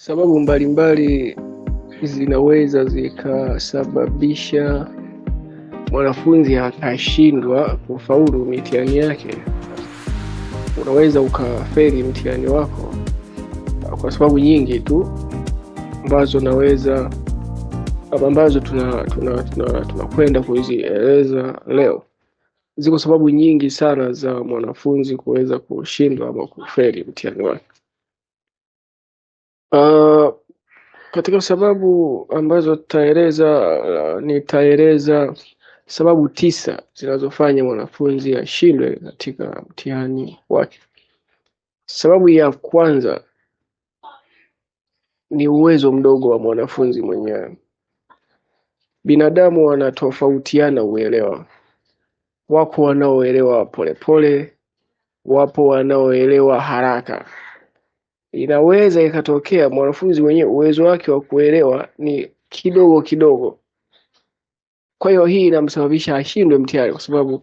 Sababu mbalimbali zinaweza zikasababisha mwanafunzi akashindwa kufaulu mitihani yake. Unaweza ukaferi mtihani wako kwa sababu nyingi tu ambazo naweza ambazo tunakwenda tuna, tuna, tuna kuzieleza leo. Ziko sababu nyingi sana za mwanafunzi kuweza kushindwa ama kuferi mtihani wake. Uh, katika sababu ambazo tutaeleza uh, nitaeleza sababu tisa zinazofanya mwanafunzi ashindwe katika mtihani wake. Sababu ya kwanza ni uwezo mdogo wa mwanafunzi mwenyewe. Binadamu wanatofautiana uelewa. Wako wanaoelewa polepole, wapo wanaoelewa haraka. Inaweza ikatokea mwanafunzi mwenye uwezo wake wa kuelewa ni kidogo kidogo, kwa hiyo hii inamsababisha ashindwe mtihani, kwa sababu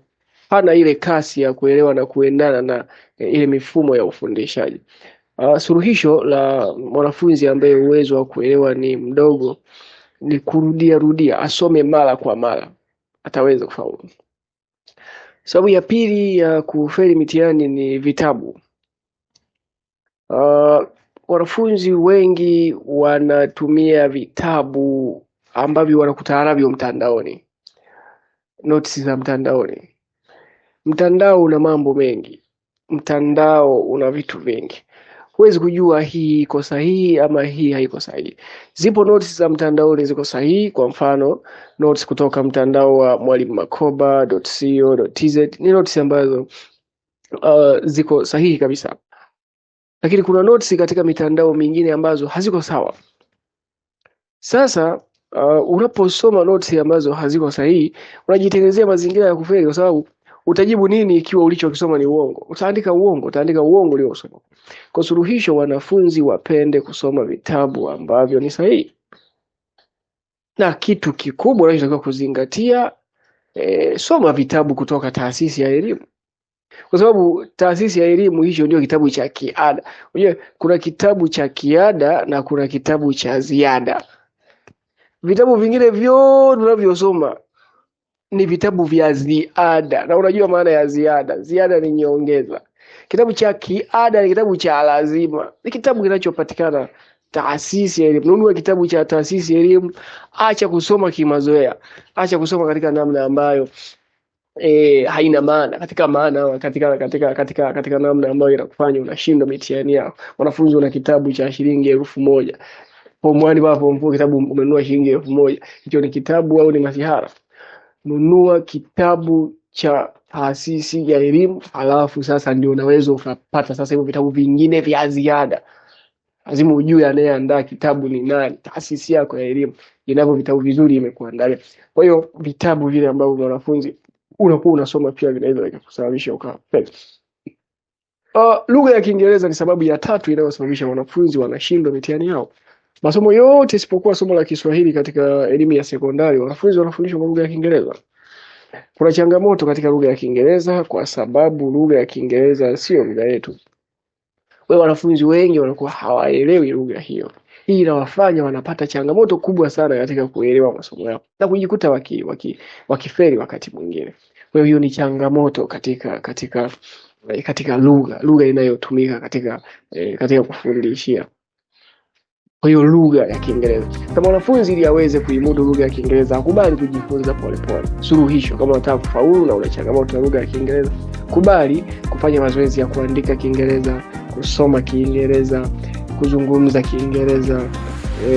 hana ile kasi ya kuelewa na kuendana na eh, ile mifumo ya ufundishaji. Uh, suluhisho la mwanafunzi ambaye uwezo wa kuelewa ni mdogo ni kurudia rudia, asome mara kwa mara, ataweza kufaulu. Sababu ya pili ya kufeli mitihani ni vitabu. Uh, wanafunzi wengi wanatumia vitabu ambavyo wanakutana navyo mtandaoni, notisi za mtandaoni. Mtandao una mambo mengi, mtandao una vitu vingi, huwezi kujua hii iko sahihi ama hii haiko sahihi. Zipo notisi za mtandaoni ziko sahihi, kwa mfano notes kutoka mtandao wa Mwalimu Makoba.co.tz ni notisi ambazo uh, ziko sahihi kabisa lakini kuna notes katika mitandao mingine ambazo haziko sawa. Sasa uh, unaposoma notes ambazo haziko sahihi unajitengenezea mazingira ya kufeli, kwa sababu utajibu nini ikiwa ulichokisoma ni uongo? Utaandika uongo, utaandika uongo uliosoma. Kwa suluhisho, wanafunzi wapende kusoma vitabu ambavyo ni sahihi, na kitu kikubwa unachotakiwa kuzingatia, e, soma vitabu kutoka taasisi ya elimu kwa sababu taasisi ya elimu hicho ndio kitabu cha kiada. Unajua kuna kitabu cha kiada na kuna kitabu cha ziada. Vitabu vingine vyote unavyosoma ni vitabu vya ziada, na unajua maana ya ziada. Ziada ni nyongeza. Kitabu cha kiada ni kitabu cha lazima, ni kitabu kinachopatikana taasisi ya elimu. Nunua kitabu cha taasisi ya elimu, acha kusoma kimazoea, acha kusoma katika namna ambayo e, haina maana katika maana katika katika katika katika namna ambayo inakufanya unashindwa mitihani yao. Wanafunzi una kitabu cha shilingi elfu moja pomwani pa pomfua kitabu umenunua shilingi elfu moja hicho ni kitabu au ni masihara? Nunua kitabu cha taasisi ya elimu, halafu sasa ndio unaweza ukapata sasa hivyo vitabu vingine vya ziada. Lazima ujue anayeandaa kitabu ni nani, taasisi yako ya elimu inavyo vitabu vizuri imekuandalia. Kwa hiyo vitabu vile ambavyo wanafunzi unakuwa unasoma pia vinaweza vikakusababisha ukafeli. Uh, lugha ya Kiingereza ni sababu ya tatu inayosababisha wanafunzi wanashindwa mitihani yao. Masomo yote isipokuwa somo la Kiswahili katika elimu ya sekondari, wanafunzi wanafundishwa kwa lugha ya Kiingereza. Kuna changamoto katika lugha ya Kiingereza kwa sababu lugha ya Kiingereza sio lugha yetu. Wewe wanafunzi wengi wanakuwa hawaelewi lugha hiyo. Hii inawafanya wanapata changamoto kubwa sana katika kuelewa masomo yao na kujikuta waki, waki, wakiferi wakati mwingine. Kwa hiyo ni changamoto katika katika eh, katika lugha lugha inayotumika katika eh, katika kufundishia. Kwa hiyo lugha ya Kiingereza kama wanafunzi ili aweze kuimudu lugha ya Kiingereza, akubali kujifunza polepole. Suluhisho: kama unataka kufaulu na una changamoto ya lugha ya Kiingereza, kubali kufanya mazoezi ya kuandika Kiingereza, kusoma Kiingereza, kuzungumza Kiingereza e,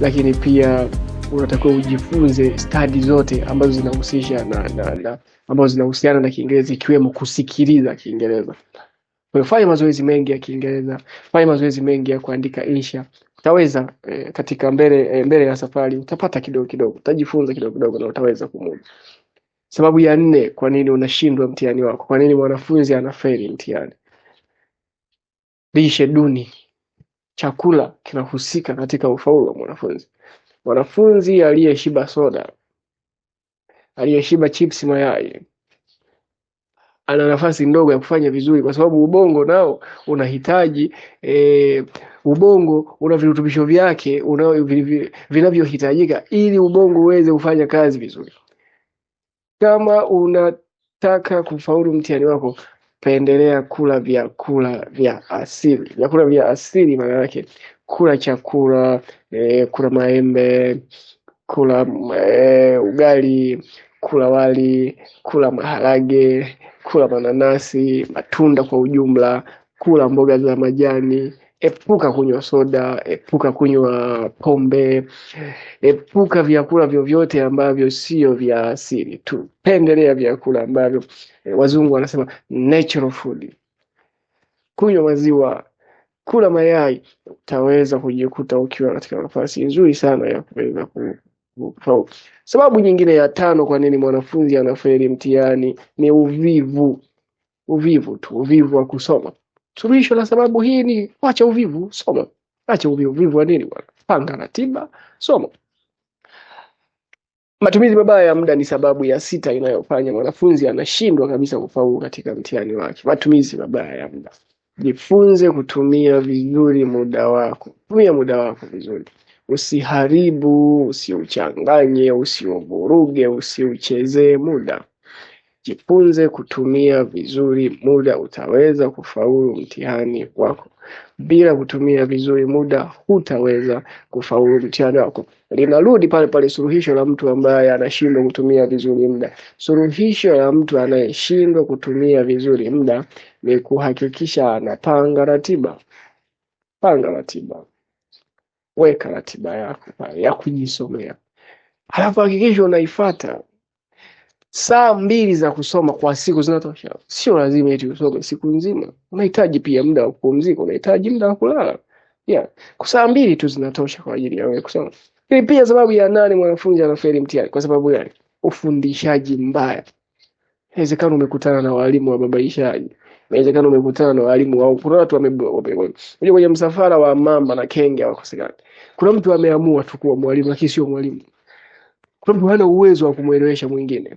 lakini pia unatakiwa ujifunze stadi zote ambazo zinahusisha na, na, na ambazo zinahusiana na Kiingereza ikiwemo kusikiliza Kiingereza. Kwa hiyo fanya mazoezi mengi ya Kiingereza, fanya mazoezi mengi ya kuandika insha. Utaweza e, katika mbele e, mbele ya safari utapata kidogo kidogo, utajifunza kidogo kidogo na utaweza kumudu. Sababu ya nne, kwa nini unashindwa mtihani wako? Kwa nini mwanafunzi anafeli mtihani? lishe duni. Chakula kinahusika katika ufaulu wa mwanafunzi. Mwanafunzi aliyeshiba soda, aliyeshiba chips mayai ana nafasi ndogo ya kufanya vizuri, kwa sababu ubongo nao unahitaji e, ubongo una virutubisho vyake vinavyohitajika ili ubongo uweze kufanya kazi vizuri. Kama unataka kufaulu mtihani wako, pendelea kula vyakula vya asili. Vyakula vya asili maana yake kula chakula e, kula maembe, kula e, ugali, kula wali, kula maharage, kula mananasi, matunda kwa ujumla, kula mboga za majani epuka kunywa soda, epuka kunywa pombe, epuka vyakula vyovyote ambavyo sio vya asili tu. Pendelea vyakula ambavyo e, wazungu wanasema natural food. Kunywa maziwa, kula mayai, utaweza kujikuta ukiwa katika nafasi nzuri sana ya kuweza kufaulu. Sababu nyingine ya tano kwa nini mwanafunzi anafeli mtihani ni uvivu. Uvivu tu, uvivu wa kusoma. Suluhisho la sababu hii ni wacha uvivu, somo Acha uvivu, uvivu wa nini bwana? Panga ratiba, somo Matumizi mabaya ya muda ni sababu ya sita inayofanya mwanafunzi anashindwa kabisa kufaulu katika mtihani wake. Matumizi mabaya ya muda. Jifunze kutumia vizuri muda wako. Tumia muda wako vizuri. Usiharibu, usiuchanganye, usiuvuruge, usiuchezee muda. Jifunze kutumia vizuri muda utaweza kufaulu mtihani wako. Bila kutumia vizuri muda hutaweza kufaulu mtihani wako. Linarudi pale pale suluhisho la mtu ambaye anashindwa kutumia vizuri muda. Suluhisho la mtu anayeshindwa kutumia vizuri muda ni kuhakikisha anapanga ratiba. Panga ratiba, weka ratiba yako pale ya kujisomea, halafu hakikisha unaifuata saa mbili za kusoma kwa siku zinatosha. Sio lazima eti usome siku nzima, unahitaji pia muda wa kupumzika, unahitaji muda wa kulala. Yeah, kwa saa mbili tu zinatosha kwa ajili ya wewe kusoma. Ili pia sababu ya nane mwanafunzi anafeli mtihani kwa sababu gani? Ufundishaji mbaya. Inawezekana umekutana na walimu wa babaishaji. inawezekana umekutana na walimu wa kuna watu wame kwenye msafara wa mamba na kenge hawakosekani. Kuna mtu ameamua tu kuwa mwalimu lakini sio mwalimu. Kuna mtu hana uwezo wa kumwelewesha mwingine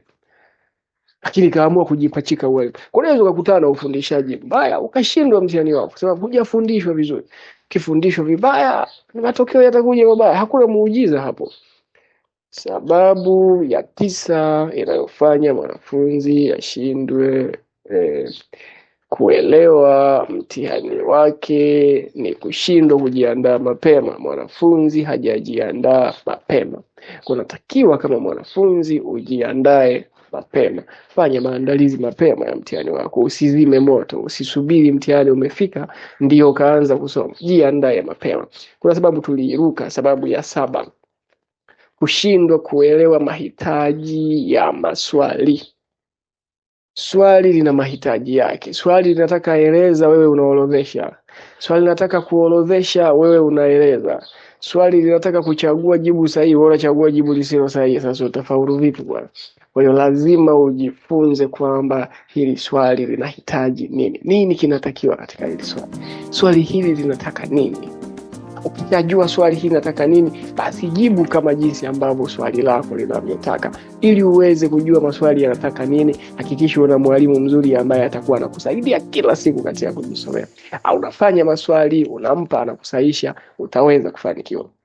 lakini kaamua kujipachika uwezo. Kwa ukakutana na ufundishaji mbaya ukashindwa mtihani wako, kwa sababu hujafundishwa vizuri. Kifundishwa vibaya, matokeo yatakuja mabaya, hakuna muujiza hapo. Sababu ya tisa inayofanya mwanafunzi ashindwe eh, kuelewa mtihani wake ni kushindwa kujiandaa mapema. Mwanafunzi hajajiandaa mapema. Kunatakiwa kama mwanafunzi ujiandae mapema. Fanya maandalizi mapema ya mtihani wako, usizime moto, usisubiri mtihani umefika ndio ukaanza kusoma. Jiandae mapema. Kuna sababu tuliiruka, sababu ya saba, kushindwa kuelewa mahitaji ya maswali. Swali lina mahitaji yake. Swali linataka eleza, wewe unaorodhesha. Swali linataka kuorodhesha, wewe unaeleza swali linataka kuchagua jibu sahihi, wewe unachagua jibu lisilo sahihi. Sasa utafaulu vipi bwana? Kwa hiyo lazima ujifunze kwamba hili swali linahitaji nini, nini kinatakiwa katika hili swali, swali hili linataka nini ukishajua swali hili nataka nini, basi jibu kama jinsi ambavyo swali lako linavyotaka, ili uweze kujua maswali yanataka nini. Hakikisha una mwalimu mzuri ambaye atakuwa anakusaidia kila siku katika kujisomea. Au unafanya maswali, unampa, anakusahisha, utaweza kufanikiwa.